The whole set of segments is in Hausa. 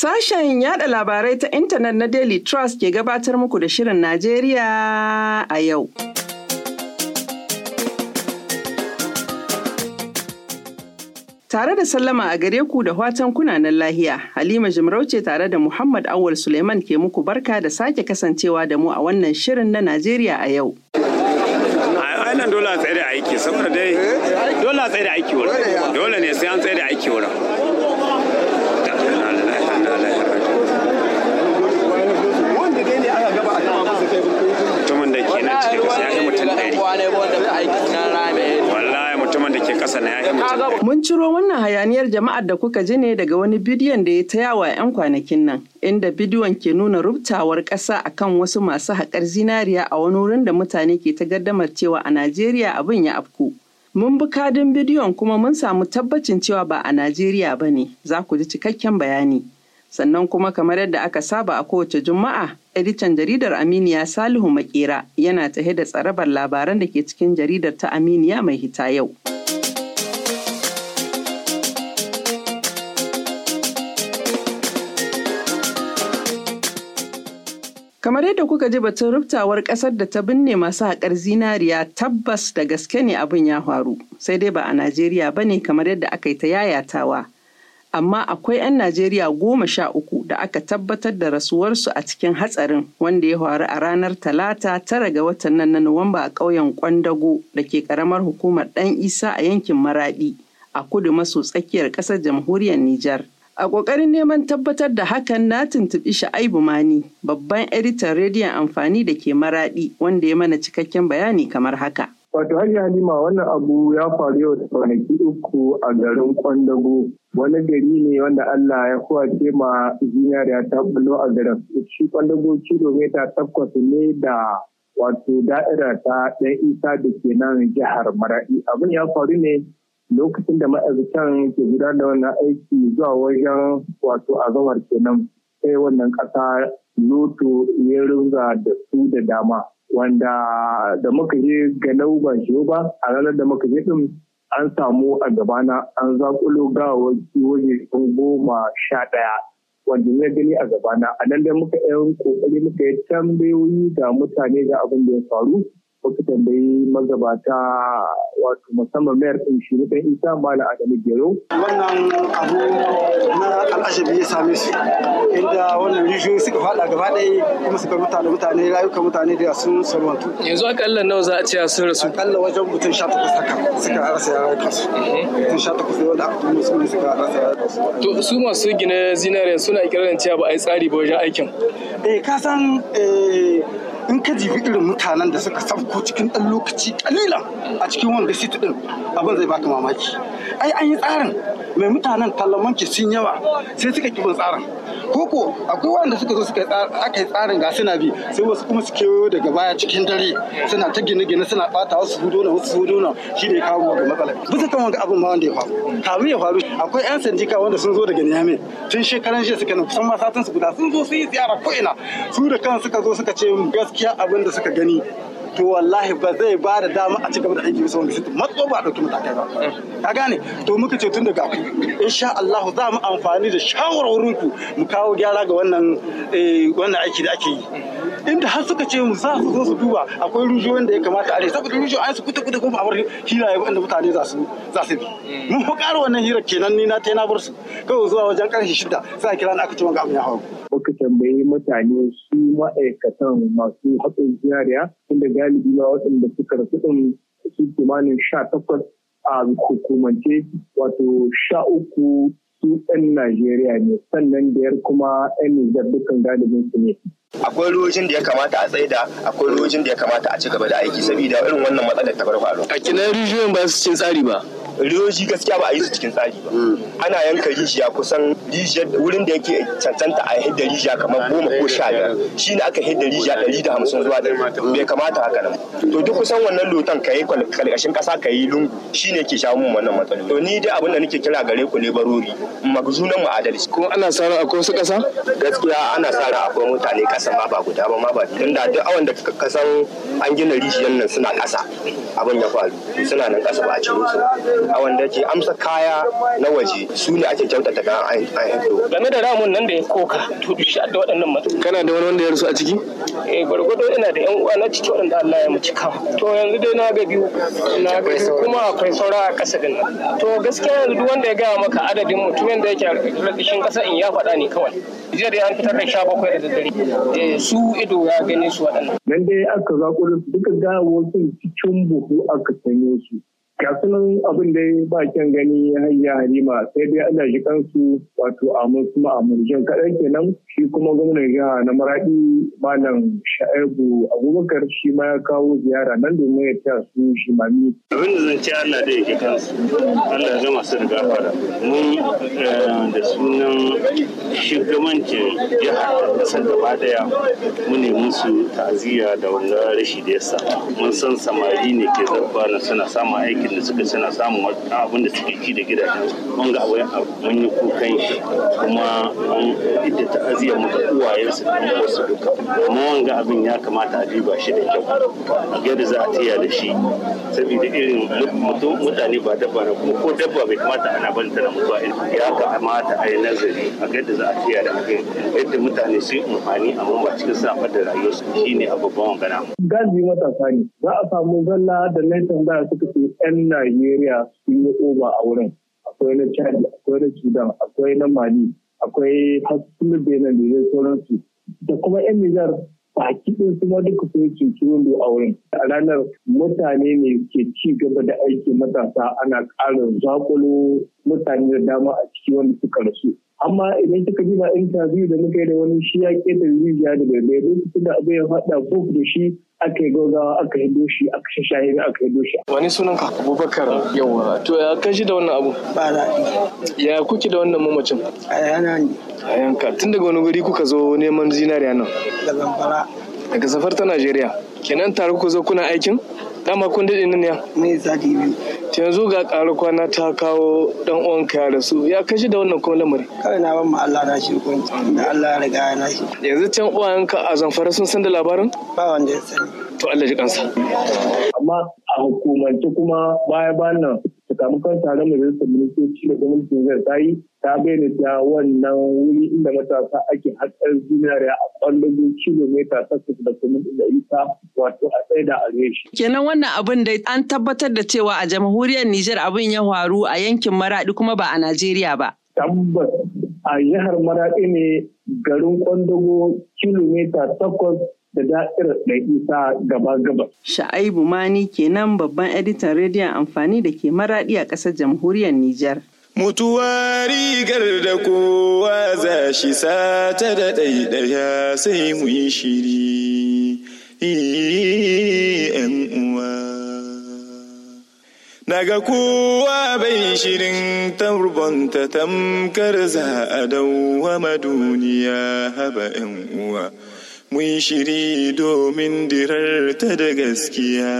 Sashen yada labarai ta intanet na Daily Trust ke gabatar muku da Shirin Najeriya a yau. Tare da sallama a gare ku da watan kunanan lahiya, Halima Jimarauce tare da Muhammad Awal Suleiman ke muku barka da sake kasancewa da mu a wannan shirin na Najeriya a yau. A dole a tsaye da aiki, saboda dai dole a tsaye da aiki wani. Dole ne Mun ciro wannan hayaniyar jama'ar da kuka ji ne daga wani bidiyon da ya ta yawa 'yan kwanakin nan, inda bidiyon ke nuna rubtawar ƙasa akan wasu masu haƙar zinariya a wani wurin da mutane ke ta gaddamar cewa a Najeriya abin ya afku. Mun bi kadin bidiyon kuma mun samu tabbacin cewa ba a Najeriya ba ne, za ku ji cikakken bayani. Sannan kuma kamar yadda aka saba a kowace Juma'a, editan jaridar Aminiya Salihu Makera yana tahe da tsarabar labaran da ke cikin jaridar ta Aminiya mai hita yau. Kamar yadda kuka ji batun ruftawar ƙasar da ta binne masu haƙar zinariya tabbas da gaske ne abin ya faru, sai dai ba a Najeriya ba ne kamar yadda aka yi ta yayatawa. Amma akwai 'yan Najeriya goma sha uku da aka tabbatar da rasuwarsu a cikin hatsarin wanda ya faru a ranar Talata tara ga watan nan na Nuwamba a ƙauyen Kwandago da ke ƙaramar hukumar Ɗan Isa a yankin Maraɗi a kudu maso tsakiyar ƙasar jamhuriyar Nijar. A ƙoƙarin neman tabbatar da hakan na tuntuɓi Sha'aibu Mani, babban editan rediyon amfani da ke maraɗi wanda ya mana cikakken bayani kamar haka. Wato har halima wannan abu ya faru yau da kwanaki uku a garin Kwandago. Wani gari ne wanda Allah ya ce ma zinariya ta tabbalo a garin. Shi Kwandago kilomita takwas ne da wato da'ira ta ɗan isa da ke nan jihar Maraɗi. Abin ya faru ne lokacin da ma'aikatan ke gudanar da wannan aiki zuwa wajen wato azawar kenan sai wannan ƙasa loto ya rinza da su da dama wanda da muka je ga ba shi ba a ranar da muka je din an samu a gabana an zakulo ga waje sun goma sha ɗaya wanda ya gani a gabana a nan da muka yan kokari muka yi tambayoyi ga mutane ga abin da ya faru muka tambayi magabata wato musamman mayar ɗin shi muka yi isa mala adamu gero. wannan abu na al'ashabi ya same su inda wannan rijiyoyi suka faɗa gaba ɗaya kuma suka mutane mutane rayuka mutane da sun salwantu. yanzu akalla nawa za a ce sun rasu. akalla wajen mutum sha takwas haka suka rasa yara kasu. Mhm. mutum sha takwas ne wanda aka tuno su ne suka rasa yara kasu. to su masu gina zinariya suna ikirarin cewa ba a yi tsari ba wajen aikin. eh ka san eh, in ka jibi irin mutanen da suka sauko cikin ɗan lokaci kalilan a cikin wanda city ɗin abin zai baka mamaki ai an yi tsarin mai mutanen talamanci sun yawa sai suka kibin tsarin koko akwai wanda suka zo suka aka yi tsarin ga suna bi sai wasu kuma su kewayo daga baya cikin dare suna ta gine-gine suna bata wasu hudu wasu hudu shi ne kawo ga matsala bisa kan wanga abin ma wanda ya faru kawo ya faru akwai yan sandika wanda sun zo daga niyame tun shekaran jiya suka nan kusan ma satin su guda sun zo sun yi ziyara ko ina su da kan suka zo suka ce gaskiya abin da suka gani to wallahi ba zai ba da dama a cikin da aiki bisa wanga matso ba a ɗauki matakai ba ka gane to muka ce tun daga ku insha Allah za mu amfani da shawarwarin ku mu kawo gyara ga wannan eh, wannan aiki da ake yi inda har suka ce mu za su zo su duba akwai rujiyoyin da ya kamata a rai saboda rujiyoyin an su kuta kuta kuma a hira ya wanda mutane za su za su bi mun fa karo wannan hira kenan ni na ta na bar su kawai zuwa wajen karshe shida sai a kira ni aka ci wanga abin ya hawo muka tambayi mutane su ma'aikatan masu haɗin ziyariya inda galibi na waɗanda suka rasu ɗin su kimanin sha takwas a hukumance wato sha uku su ɗan Najeriya ne sannan biyar kuma ɗan Nijar dukkan galibin su ne. Akwai rojin da ya kamata a tsaida, akwai rojin da ya kamata a ci gaba da aiki saboda irin wannan matsalar ta farfaro. A kinan rijiyoyin ba su cin tsari ba. rijiyoyi gaskiya ba a yi su cikin tsari ba hmm. ana yanka rijiya kusan rijiyar wurin da yake cancanta a hidda rijiya kamar goma ko sha biyar shi ne aka hidda rijiya ɗari da hamsin zuwa ɗari bai kamata haka nan to duk kusan wannan lotan ka yi kalkashin ƙasa ka yi lungu shi ne ke shawo mun wannan matsaloli to ni dai abin da nake kira gare ku ne barori magzunan mu adalci ana sa akwai wasu ƙasa gaskiya ana sa akwai mutane ƙasa ma ba guda ba ma ba tun da duk awan da ka san an gina rijiyar nan suna ƙasa abin ya faru suna nan ƙasa ba a ciro su awan da ke amsa kaya na waje su ne ake kyautata ga an hito game da ramun nan da ya koka tudu shi da waɗannan mutum kana da wani wanda ya rasu a ciki eh gwargwado ina da yan uwa na ciki waɗanda Allah ya mace kawo to yanzu dai na ga biyu na ga kuma akwai saura a kasa din to gaskiya yanzu duk wanda ya gaya maka adadin mutum mutumin da yake alƙarƙashin ƙasa in ya faɗa ne kawai jiya dai an fitar da sha bakwai da daddare eh, su ido ya gani su waɗannan. nan dai aka su duka gawawakin cikin buhu aka sanyo su kasunan abin da ba kyan gani hanya harima sai dai ana shi kansu wato a kuma a kaɗan kenan shi kuma gwamnan jiha na maraɗi malam sha'ibu abubakar shi ma ya kawo ziyara nan domin ya ta su shi mami. abin da zan ce allah da ya kansu allah ya zama su da fara mun eh, da sunan shugabancin jiha da ƙasar gaba daya mu ne musu ta'aziyya da wannan rashi da ya sa mun san samari ne ke zarfa na suna samun aiki da suka suna samun abin da suke ci da gidajen mun ga mun yi kukan kuma an idda ta'aziyar mu ga su da wasu duka kuma ga abin ya kamata a duba shi da kyau a ga za a tiya da shi saboda irin mutum mutane ba dabba na kuma ko dabba bai kamata ana banta da mutuwa ya kamata a yi nazari a ga za a tiya da abin yadda mutane su yi amfani amma ba cikin sa da rayuwarsu shine a babban gana. Gazi matasa ne za a samu zalla da na tambaya suka 'yan Najeriya sun yi oba a wurin akwai na Chad akwai na Sudan akwai na Mali akwai hasken Benin da zai sauransu da kuma 'yan Nijar baki ɗin su ma duka sun cuci wando a wurin a ranar mutane ne ke ci gaba da aiki matasa ana ƙara zakulo mutane da dama a cikin wanda suka rasu amma idan kika ji ba interview da muka yi da wani shi ya keta rijiya da bai lokacin da abin ya faɗa ko da shi aka yi gaugawa aka yi doshi aka shashaye aka yi doshi. Wani sunan ka? Abubakar yawa. To ya kai shi da wannan abu? Ba daɗi. Ya kuke da wannan mamacin? A yana ne. A yanka. Tun daga wani guri kuka zo neman zinariya nan? Da zamfara. Daga safar ta Najeriya. Kenan tare ku zo kuna aikin? Dama kun daɗe nan ya? Mai sati biyu. yanzu ga ƙara kwana ta kawo dan uwanka ya rasu ya kashi da wannan kuma lamari kai na ban ma Allah na shi ko da Allah ya riga na shi yanzu can ka a zamfara sun san da labarin ba wanda ya sani to Allah ji kansa amma a hukumance kuma baya bayan nan sakamakon taron majalisar ministoci da gwamnatin zai tsayi ta bayyana ta wannan wuri inda matasa ake hatsar zinariya a kwallon kilomita takwas da kuma da isa wato a tsaye da alheshi. kenan wannan abun da an tabbatar da cewa a jamhuriyar nijar abin ya faru a yankin Maraɗi kuma ba a najeriya ba. tabbas a jihar Maraɗi ne garin kwandago kilomita takwas da da'irar mai isa gaba gaba. Sha'aibu Mani kenan babban editan rediyon amfani da ke maraɗi a ƙasar jamhuriyar Nijar. Mutuwa rigar da kowa za shi sata da ɗaiɗaya sai mu yi shiri uwa. Daga kowa bai shirin turbonta tamkar za a dawwama duniya haba uwa. mun shiri domin dirarta da gaskiya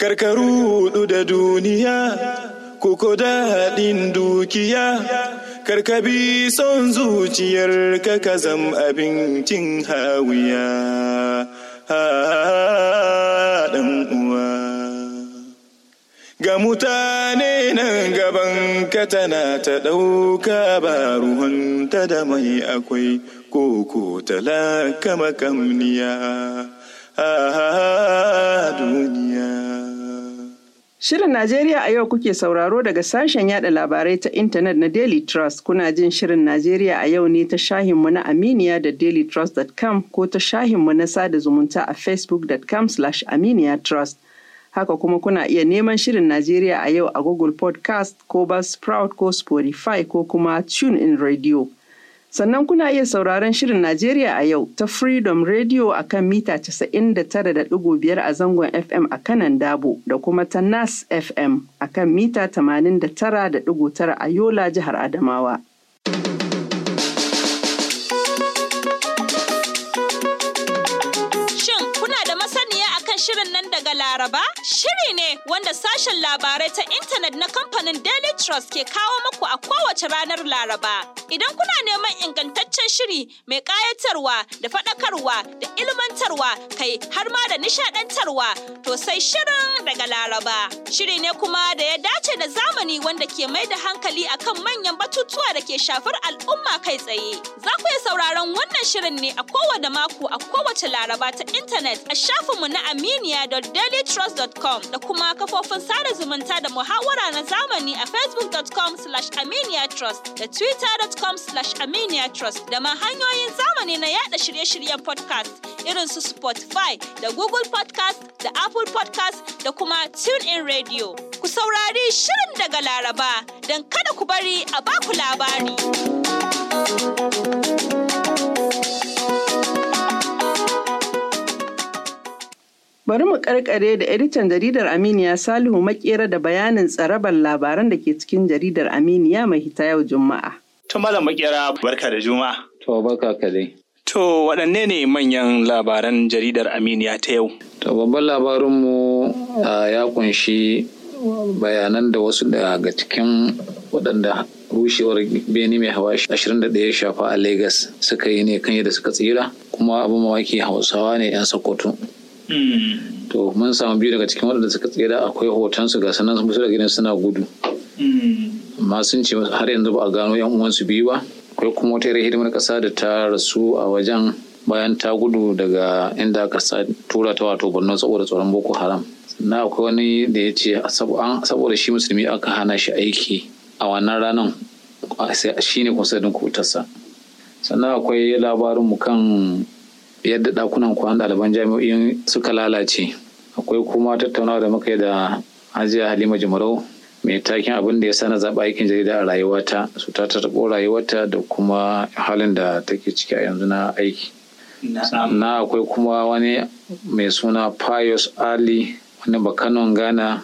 karkaru da duniya koko daɗin dukiya karkabi son zuciyar ka ka zam abincin hawiya ɗan uwa ga mutane nan gaban ka tana ta ɗauka ba ruhunta da mai akwai koko tala kama kamniya a duniya. Shirin Najeriya a yau kuke sauraro daga sashen yada labarai ta intanet na Daily Trust kuna jin Shirin Najeriya a yau ne ta shahinmu na Aminiya da dailytrust.com ko ta shahinmu na sada zumunta a facebook.com slash aminiya trust. Haka kuma kuna iya neman Shirin Najeriya a yau a Google Podcast ko Buzzsprout ko Spotify ko kuma TuneIn Radio. Sannan kuna iya sauraron Shirin Najeriya a yau ta Freedom Radio a kan mita 99.5 a zangon FM a kanan Dabo da kuma ta Nas FM a kan mita 89.9 a Yola jihar Adamawa. shirin nan daga Laraba? Shiri ne wanda sashen labarai ta intanet na kamfanin Daily Trust ke kawo muku a kowace ranar Laraba. Idan kuna neman ingantaccen shiri mai ƙayatarwa da faɗakarwa da ilmantarwa kai har ma da nishaɗantarwa to sai shirin daga Laraba. Shiri ne kuma da ya dace da zamani wanda ke mai da hankali akan manyan batutuwa da ke shafar al'umma kai tsaye. Za ku iya sauraron wannan shirin ne a kowane mako a kowace Laraba ta intanet a shafinmu na ami aminiya.dailytrust.com da kuma kafofin sada zumunta da muhawara na zamani a facebook.com slash aminiyatrust da twitter.com slash aminiyatrust da ma hanyoyin zamani na yada shirye-shiryen podcast irin su Spotify da Google podcast da Apple podcast da kuma in Radio. Ku saurari shirin daga Laraba don kada ku bari a baku labari. Bari mu karkare da editan jaridar Aminiya Salihu Maƙera da bayanin tsarabar labaran da ke cikin jaridar Aminiya mai hita yau Juma'a. To Malam Makera barka da Juma'a. To barka ka dai. To waɗanne ne manyan labaran jaridar Aminiya ta yau? To babban labarinmu ya kunshi bayanan da wasu daga cikin waɗanda rushewar beni mai hawa 21 ya shafa a Legas suka yi ne kan yadda suka tsira kuma abin mamaki hausawa ne 'yan Sokoto Hmm. to mun samu biyu daga cikin waɗanda suka tsira akwai su ga sanan sun da gidan suna gudu hmm. amma sun ce har yanzu ba a gano yan uwansu biyu ba akwai kuma wata yare hidimar ƙasa da ta rasu a wajen bayan ta gudu daga inda aka tura ta wato borno saboda tsoron boko haram na akwai wani da ya ce saboda shi musulmi aka hana shi aiki a wannan ranar shi ne da kotarsa sannan akwai labarinmu kan yadda ɗakunan kwanan ɗaliban jami'o'in suka lalace akwai kuma tattaunawa da muka yi da hajiya halima jimarau mai takin abin da ya sana zaɓa aikin jarida a rayuwata su ta taɓo rayuwata da kuma halin da take ciki a yanzu na aiki na akwai kuma wani mai suna pius ali wani bakanon ghana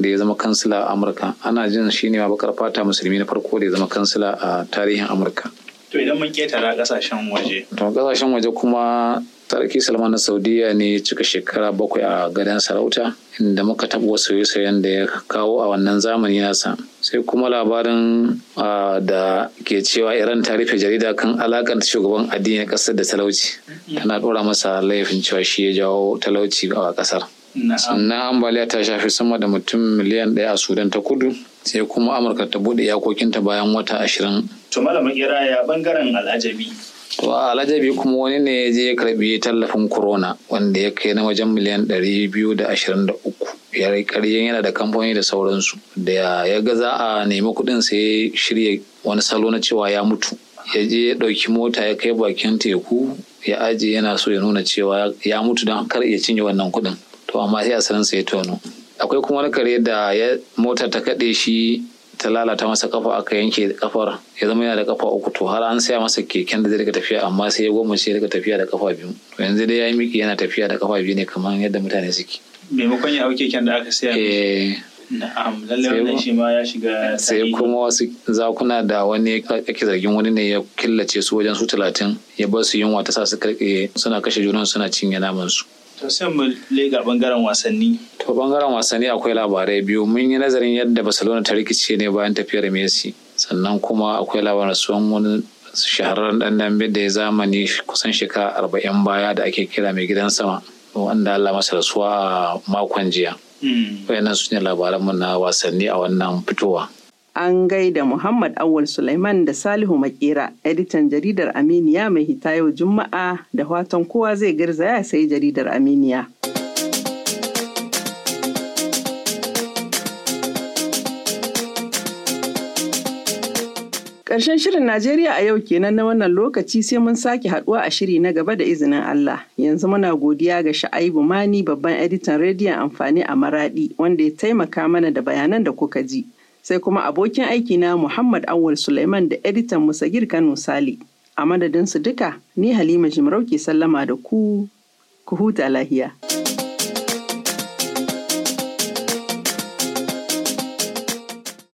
da ya zama kansila a amurka ana jin shi ne ma bakar fata musulmi na farko da ya zama kansila a tarihin amurka to idan mun ketara kasashen waje to kasashen waje kuma sarki salman na saudiya ne cika shekara bakwai a gadon sarauta inda muka taɓa wasu sayen da ya kawo a wannan zamani nasa sai kuma labarin da ke cewa iran ta rufe jarida kan alakar shugaban addinin ƙasar da talauci tana ɗora masa laifin cewa shi ya jawo talauci a ƙasar sannan ambaliya ta shafi sama da mutum miliyan ɗaya a sudan ta kudu sai kuma amurka ta buɗe iyakokinta bayan wata ashirin to malamin iraya bangaren al'ajabi to al'ajabi kuma wani ne ya je ya karbi tallafin corona wanda ya kai na wajen miliyan 223 ya karyen yana da kamfani da sauransu da ya ga za a nemi kuɗin sai shirya wani salo na cewa ya mutu ya je ya ɗauki mota ya kai bakin teku ya aje yana so ya nuna cewa ya mutu don kar ya cinye wannan kuɗin to amma sai a sanin sai tono akwai kuma wani kare da ya mota ta kaɗe shi ta lalata masa kafa aka yanke kafar ya zama yana da kafa uku to har an saya masa keken da zai rika tafiya amma sai ya gwamnati ya rika tafiya da kafa biyu to yanzu dai ya yi miki yana tafiya da kafa biyu ne kamar yadda mutane suke maimakon ya hau keken da aka saya eh. na'am lallai wannan shi ma ya shiga sai kuma wasu zakuna da wani ake zargin wani ne ya killace su wajen su talatin ya bar su yunwa ta sa su karke suna kashe junan suna cinye naman su To sai mu lega bangaren wasanni. To bangaren wasanni akwai labarai biyu mun yi nazarin yadda Barcelona ta rikice ne bayan tafiyar Messi sannan kuma akwai labarin suwan wani shahararren dan dambe da ya zamani kusan shekara arba'in baya da ake kira mai gidan sama wanda Allah masa rasuwa a makon jiya. Hmm. Wayannan su ne mu na wasanni a wannan fitowa. An gaida Muhammad Awul Sulaiman da Salihu Makera, editan jaridar Aminiya mai hita yau Juma'a da watan kowa zai garzaya sai jaridar Aminiya. Ƙarshen shirin Najeriya a yau kenan na wannan lokaci sai mun sake haduwa a shiri na gaba da izinin Allah. Yanzu muna godiya ga Sha'aibu Mani babban editan rediyon amfani a Maradi wanda ya taimaka mana da bayanan da kuka ji. sai kuma abokin aiki na Muhammad Awul Suleiman da editan Musagir Kano Sali. A madadinsu duka, ni Halima Jimarauke sallama da ku, ku huta lahiya.